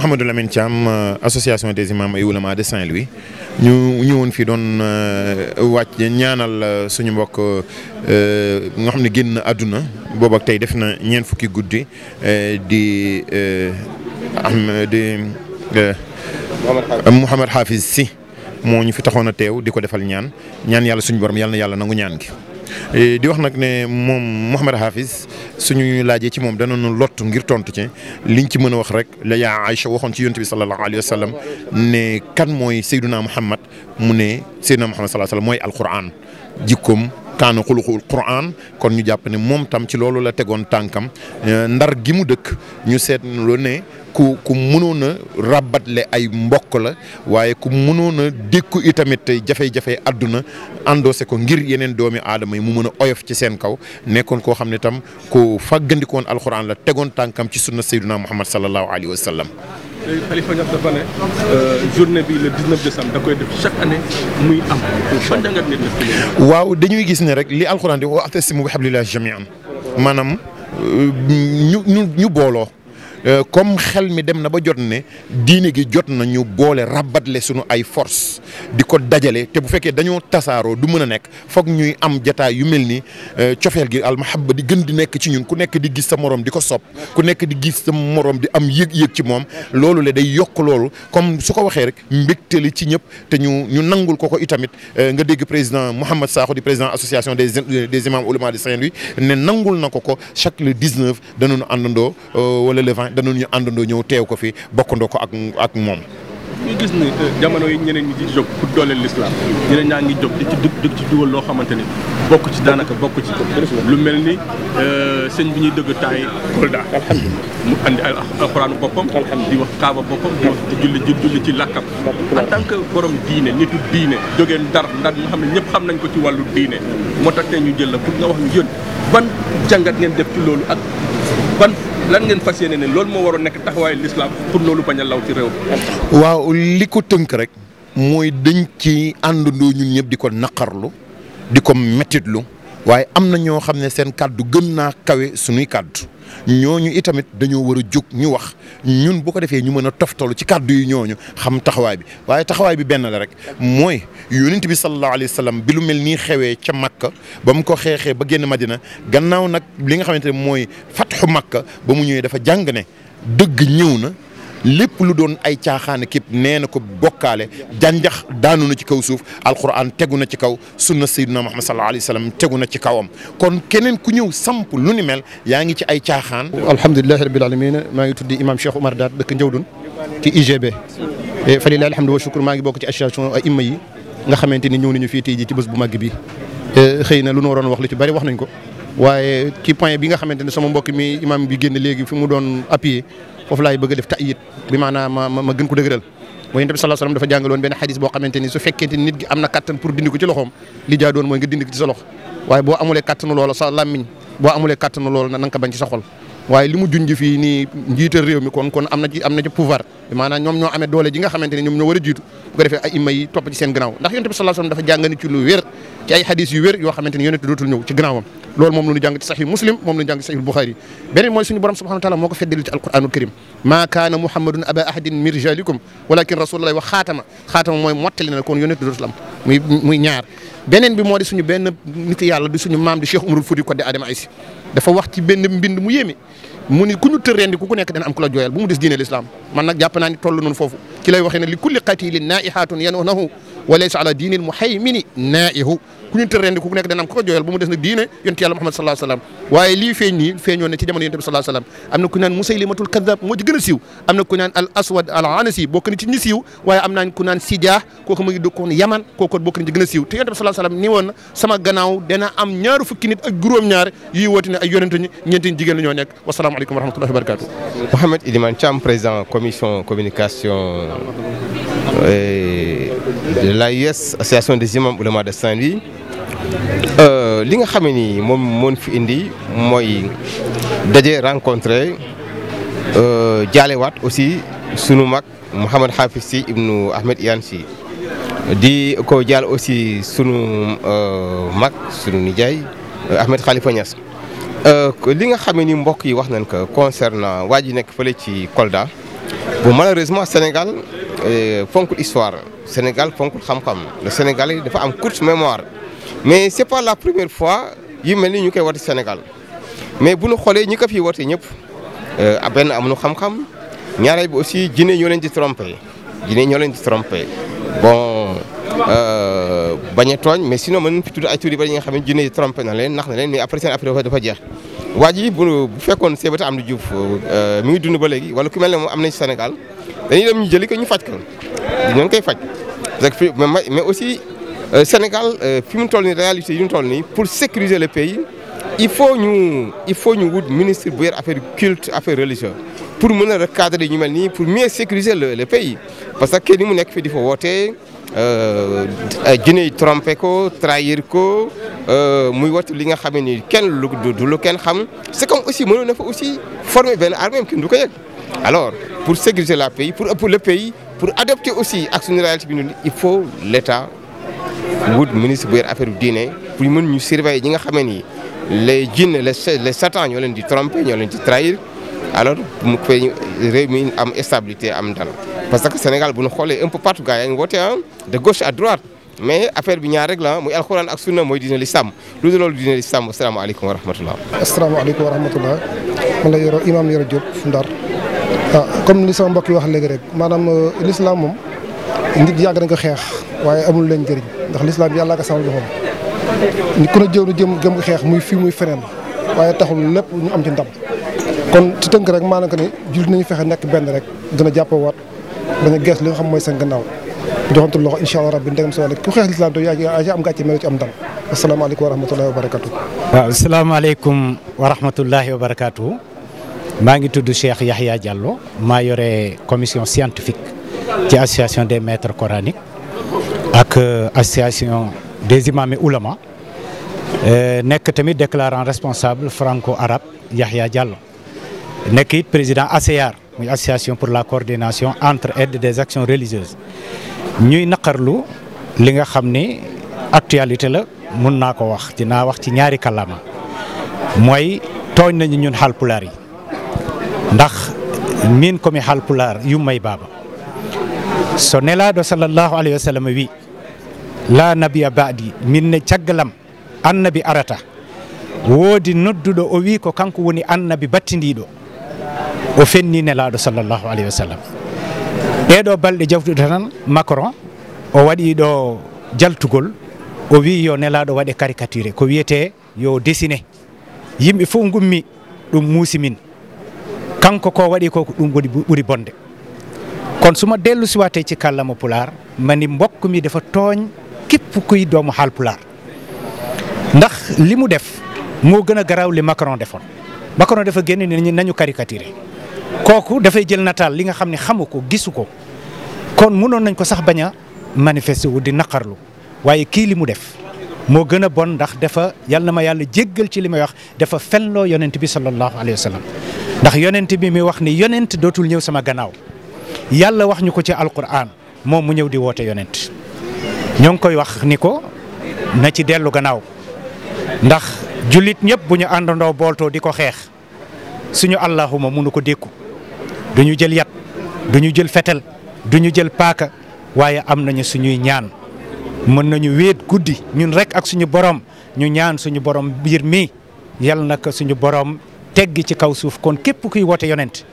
Mouhamadou Lamine Thiam euh, association des imams et oulémas de Saint-Louis ñu ñëwoon fii doon euh, wàcc ñaanal euh, suñu mbokk nga xam ne génn àdduna boobu ak tey def na ñeent fukki guddi di am di Mouhamad si moo ñu fi taxoon a teew di ko defal ñaan ñaan yàlla suñu borom yàlla yàlla nangu ñaan gi. di wax nag ne moom Mouhamed Hafiz suñu laajee ci moom danañu lott ngir tontu ci liñ ci mën a wax rek la yaa Aïcha waxoon ci yonent bi sallallahu alayhi wa sallam ne kan mooy Seydina Mouhamed mu ne Seydina Mouhamed sallallahu alayhi wa sallam mooy alquran jikkoom. kaana xuluqul Qur'an kon ñu jàpp ne moom tam ci loolu la tegoon tànkam euh, ndar gi mu dëkk ñu seet lu ne ku ku mënoon a rabatle ay mbokk la waaye ku mënoon a dékku itamit jafe-jafe àdduna àndoose ko ngir yeneen doomi aadama yi mu mën a oyof ci seen kaw nekkoon koo xam ne tam ku fàggandikoon alxuraan la tegoon tànkam ci sunna sayyiduna Muhammad sallallahu alayhi wa sallam Euh, waaw dañuy gis ne rek li alxuraan di wa atasimu bi hablillahi jamian maanaam euh, ñu ñu ñu booloo. Euh, comme xel mi dem na ba jot ne diine gi jot na ñu boole rabatle suñu ay force di ko dajale te bu fekkee dañoo tasaaroo du mën a nekk foog ñuy am jataay yu mel ni euh, cofeel gi almahabba di gën di nekk ci ñun ku nekk di gis sa moroom di ko sopp ku nekk di gis sa morom di am yëg-yëg ci moom loolu la day yokk loolu comme su ko waxee rek mbégte li ci ñëpp te ñu ñu nangul ko ko itamit euh, nga dégg président Mouhamed Sakho di président association des des imams oulémas de Saint-Louis na ko ko chaque le 19 danañu àndandoo wala danañ ñu àndandoo ñëw teew ko fi bokkandoo ko ak ak moom. ñu gis ni jamono yi ñeneen ñi di jóg pour dooleel lislaam ñeneen ñaa ngi jóg ci dug ci dugal loo xamante ni bokk ci daanaka bokku ci lu mel ni euh, sëñ bi ñuy dëgg taay Kolda mu andi alxuraanu boppam di wax kaaba boppam di wax julli julli ci làkkam en tant que borom diine nitu diine jógee ndar ndar nga xam ne ñëpp xam nañ ko ci wàllu diine moo tax tey ñu jël la pour nga wax ñu yën ban jàngat ngeen def ci loolu ak ban lan ngeen fas ne loolu moo waroon nekk taxawaayu lislaam pour loolu bañ law réew waaw li ko tënk rek. mooy dañ ci àndandoo ñun ñëpp di ko naqarlu di ko mettitlu waaye am na ñoo xam ne seen kàddu gën naa kawe suñuy kàddu ñooñu itamit dañoo war a jóg ñu wax ñun boo ko defee ñu mën a toftalu ci kàddu yi ñooñu xam taxawaay bi waaye taxawaay bi benn la rek mooy yonent bi sallallahu alayhi wa sallam bi lu mel nii xewee ca Makka ba mu ko xeexee ba génn Madina gannaaw nag li nga xamante ne mooy fatxu makka ba mu ñëwee dafa jàng ne dëgg ñewna lépp lu doon ay tiaxaan képp nee ko bokalé jànjax daanu na ci kaw suuf alquran tegu na ci kaw sunna sayyidina Muhammad sallallahu alayhi wasallam sallam na ci kawam kon kenen ku ñëw samp lu ni mel yaangi ci ay tiaxaan alhamdulilahi rabbil alamin ma ngi tuddi imam Cheikh omar Daat dëkk ñewdun ci UGB fa lillahi alhamdu wa shukr ma ngi bok ci association ay imma yi nga xamanteni ñëw nañu fi tey ji ci bëss bu mag bi xëy na lu nu waroon wax lu ci bari wax nañ ko. waye ci point bi nga xamanteni sama mbokk mi imam bi genn léegi fi mu doon appuyé fofu lay bëgg def tayit bi maanaam ma ma gën ko dëgëral moy nabi sallallahu alayhi wasallam dafa jàngaloon benn xadis boo xamante ni su fekkente nit gi amna katan pour dindiku ci loxom li ja doon moy nga dindiku ci sa lox waye bo amulé katan lolo sa bo amulé katan lolo nang ka ci sa xol waye limu jundji fi ni nii rew mi kon kon amna ci amna ci pouvoir maanaam ñom ñoo amé doole ji nga xamanteni ñom ñoom ñoo war a bu ko defé ay imay top ci seen gannaaw ndax yonent sallallahu alayhi wasallam dafa jàngani ci lu wér ci ay hadith yu wér yo xamanteni ne dootul ñëw ci gannaawam lool mom lu ñu jàng ci sahih muslim mom lu ñu jàng ci sahih bukhari benen moy suñu borom subhanahu wa taala moko ko ci alquranul karim ma kana muhammadun aba ahadin min rijalikum walakin rasulullah wa khatama khatama moy motali na kon yonent dootul am muy muy ñaar benen bi modi suñu ben nit yàlla du suñu mam di cheikh umarul fuuti ko de adama aysi dafa wax ci benn mbind mu yéeme mu ni ku ñu tër rendi ku ku nekk dana am ku la jooyal bu mu des diine lislaam man nag jàpp naa ni toll noonu foofu ci lay waxee ne li kulli qatilin naihatun yanunahu وليس على دين المهيمن نائه كون ترند كون نك دانام كو جويال بومو ديس نك دين يونت يالله محمد صلى الله عليه وسلم واي لي في ني فينيو ني تي جامون يونت صلى الله عليه وسلم امنا كونان مسيلمه الكذاب مو جينا سيو امنا كونان الاسود العنسي بوك ني ني سيو واي امنا كونان سيديا كوكو مغي دوكون يمن كوكو بوك ني جينا سيو تي يونت صلى الله عليه وسلم ني وون سما غناو دنا ام نيارو فك نيت اك غروم نيار يي ووتني اي يونت ني نينتين جيغن نيو نيك والسلام عليكم ورحمه الله وبركاته محمد اديمان تشام بريزان كوميسيون كوميونيكاسيون la l'AIS association des imams oulémas de saint euh, li nga xam ni moom moon fi indi mooy daje rencontré euh, jaalewaat aussi sunu mag Mouhamed Hafiz si ibnu Ahmed Iyane Sy di ko jaal aussi sunu euh, mag sunu nijaay Ahmed Khalifa Niass li nga xam ni mbokk yi wax nañ ko concernant waa ji nekk fële ci Kolda bu malheureusement Sénégal fonkul histoire Sénégal fonkul xam-xam le Sénégal dafa am courte mémoire mais c'est pas la première fois yu melni ñu koy wati Sénégal mais bu ñu xoolee ñi ko fi woote ñëpp euh, benn amuñu xam-xam ñaaray bi aussi jiné ñoo leen di tromper jiné ñoo leen di tromper bon euh baña togn mais sinon mën fi tudd ay tur ba nga xamé jiné di tromper na leen nax na leen mais après sen après dafa jeex waa ji bu fekkoon Sébata Amady euh mi dund ba léegi wala ku melni mo moom am nañ Sénégal dañuy dem ñu jëli ko ñu fajj ko ñu ngi koy fajj mais aussi euh, Sénégal euh, fi mu toll nii réalité yu pour sécuriser le pays il faut ñu il faut ñu wut ministre bu yor affaire culte affaire religieux pour mën le recadrer ñu mel pour mieux sécuriser le, le pays parce que kenn mu nekk fii di fa wootee euh, juney trompé trahir nous euh, muy woote li nga xam ne ni kenn lu lu xam c'est comme aussi mënoon na fa aussi former benn armée kenn nous alors pour sécuriser la pays pour pour le pays pour adopter aussi ak suñu réalité bi ñun il faut l' état wut ministre bu yor affaire bu diine pour ñu mën ñu surveiller ñi nga xamee le les jinne les les satan ñoo leen di tromper ñoo leen di trahir alors mu fay réew mi am stabilité am dal parce que Sénégal bu ñu xoolee un peu partout gars yaa ngi woote ah de gauche à droite mais affaire bi ñaar rek la muy alxuraan ak sunna mooy diine l'islam lu dul loolu diine l'islam asalaamaaleykum wa rahmatullah. asalaamaaleykum wa rahmatullah man la yoro imam yoro Diop ah comme li mbokk yi wax léegi rek maanaam euh, l'islam moom nit yàgg nañ ko xeex waaye amul leen njëriñ ndax l'islam yàllaa nga samal joxoon ni ku ne jëm gëm mu xeex muy fii muy feneen waaye taxul lépp ñu am ci ndam kon ci tënk rek maanaam que ni jullit nañu fexe nekk benn rek gën a jàppawaat bañ a gees li nga xam mooy seen gannaaw joxantu loxo incha allah rabbi ndegam sa ku xeex l'islam doo yaa ci am gàcce melo ci am ndam asalaamaaleykum wa rahmatullahi wa barakatu waaw asalaamaaleykum wa rahmatullahi wa barakatu Je suis Cheikh Yahya Diallo commission scientifique de l'association des maîtres coraniques ak l'association euh, des imams et oulama suis euh, tamit déclarant responsable franco-arabe Yahya Diallo Nek président ACAR association pour la coordination entre aides des actions religieuses nous avons li nga xam actualité la mën nako wax nous wax ci ñaari ñun ndax min komi halpular yummay baaba so nelaɗo sallllahu alayhi wa sallam wi la nabia badi minne caggalam annabi arata woodi nodduɗo o wi ko kanko woni annabi battidiɗo o fenni nelaɗo sallllahu alayhi wa sallam ɓeɗo balɗe jawtuɗe tan macron o waɗiɗo jaltugol o wi yo nelaɗo waɗe caricature ko wiyete yo dessiné yimɓe fof gummi ɗum muusi min kanko ko wadi ko dum godi buri bonde kon suma dellu siwate mo pular mani mi dafa togn kep kuy doomu hal pular ndax limu def mo gëna graw li macron defon macron dafa genn ni nañu koku da fay jël natal li nga xamni xamuko gisuko kon mënon nañ ko sax baña manifester wu di nakarlu waye ki limu def mo gëna bon ndax dafa yalla ma yalla jéggel ci limay wax dafa fello yonent bi sallallahu alayhi wasallam ndax yonent bi mi wax ni yonent dootul ñëw sama gannaaw yàlla wax ñu ko ci alquran moom mu di wote yonent ñoo ngi koy wax ko na ci dellu gannaaw ndax julit ñëpp bu ñu àndandoo booltoo di ko xeex suñu allahuma munu ko dékku du ñu jël yat du ñu jël fetel du ñu jël paaka waaye am nañu suñuy ñaan mën nañu wéet guddi ñun rek ak suñu borom ñu ñaan suñu borom biir mi yal naka suñu borom teg tegg ci kaw suuf kon képp kuy woote yonent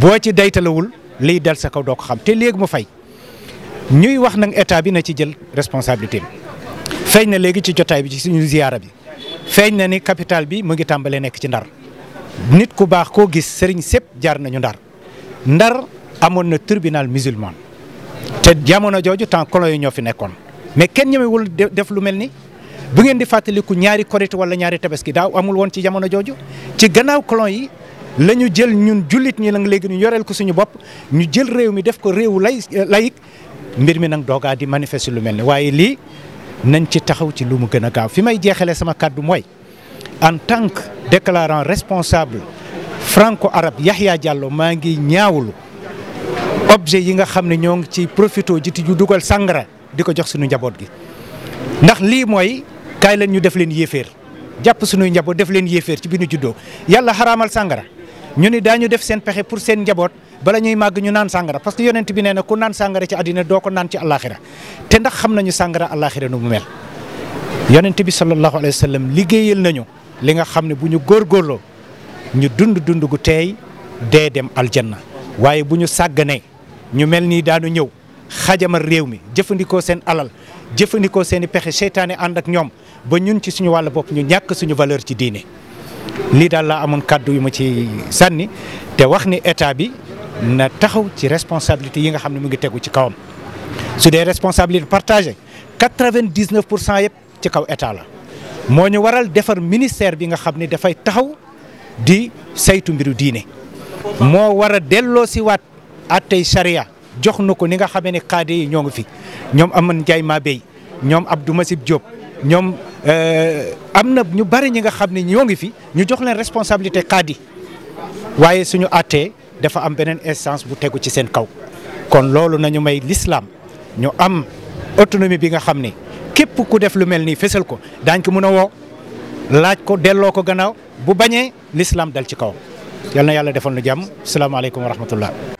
boo ci daytalewul liy dal sa kaw doo ko xam te léegi mu fay ñuy wax nag état bi na ci jël responsabilité bi feeñ na léegi ci jotaay bi ci suñu ziyaara bi feeñ na ni capital bi mu ngi tàmbalee nekk ci ndar nit ku baax koo gis sëriñ sépp jaar nañu ndar ndar amoon na tribunal musulman te jamono jooju temps colon yi ñoo fi nekkoon mais kenn ñemewul def lu mel ni bu ngeen di fàttaliku ñaari korite wala ñaari tabaski daaw amul woon ci jamono jooju ci gannaaw colon yi la ñu jël ñun jullit ñi nag léegi ñu yoreel ko suñu bopp ñu jël mi def ko euh, mbir mi di manifester lu mel ni waaye lii nañ ci taxaw ci lu mu gën gaaw fi may sama en tant que déclarant responsable franco Arab Yahya Diallo maa ngi ñaawlu objet yi nga xam ne ñoo ngi ci profito ji ju sangara di jox suñu njaboot gi ndax kaay leen ñu def leen yéeféer jàpp sunuy njaboot def leen yéeféer ci bi ñu juddoo yàlla xaraamal sàngara ñu ni daañu def seen pexe pour seen njaboot bala ñuy màgg ñu naan sàngara parce que yonent bi nee na ku naan sàngara ci àddina doo ko naan ci àllaaxira te ndax xam nañu sàngara àllaaxira nu mu mel yonent bi sallallahu alayhi wa sallam liggéeyal nañu li nga xam ne bu ñu góor góorloo ñu dund dund gu teey dee dem aljanna waaye bu ñu sàgganee ñu mel nii daanu ñëw xajamal réew mi jëfandikoo seen alal jëfandikoo seen i pexe seytaane ànd ak ñoom ba ñun ci suñu wàll bopp ñu ñàkk suñu valeur ci diine lii daal laa amoon kàddu yu ma ci sànni te wax ni état bi na taxaw ci responsabilité yi nga mu ngi ci kawam su dee responsabilité partagée 99 pour cent yëpp ci kaw état la mo ñu waral defar ministère bi nga xam ne taxaw di saytu mbiru diine mo wara a delloo si waat jox nu ko ni nga xamee ne xaade ñoo ngi fi ñoom aman Ndiaye Mabey ñoom Abdou Masib Diop ñoom euh, am na ñu bari ñi nga xam ñoo ngi fi ñu jox leen responsabilité xaadi waaye suñu àttee dafa am beneen instance bu ci seen kaw kon loolu nañu may l'islam ñu am autonomie bi nga xam ne képp ku def lu mel nii dello ko daañ ko mën laaj ko ko gannaaw bu bañee l'islam dal ci kaw yal na yàlla defal nu jàmm salaamaaleykum wa rahmatullah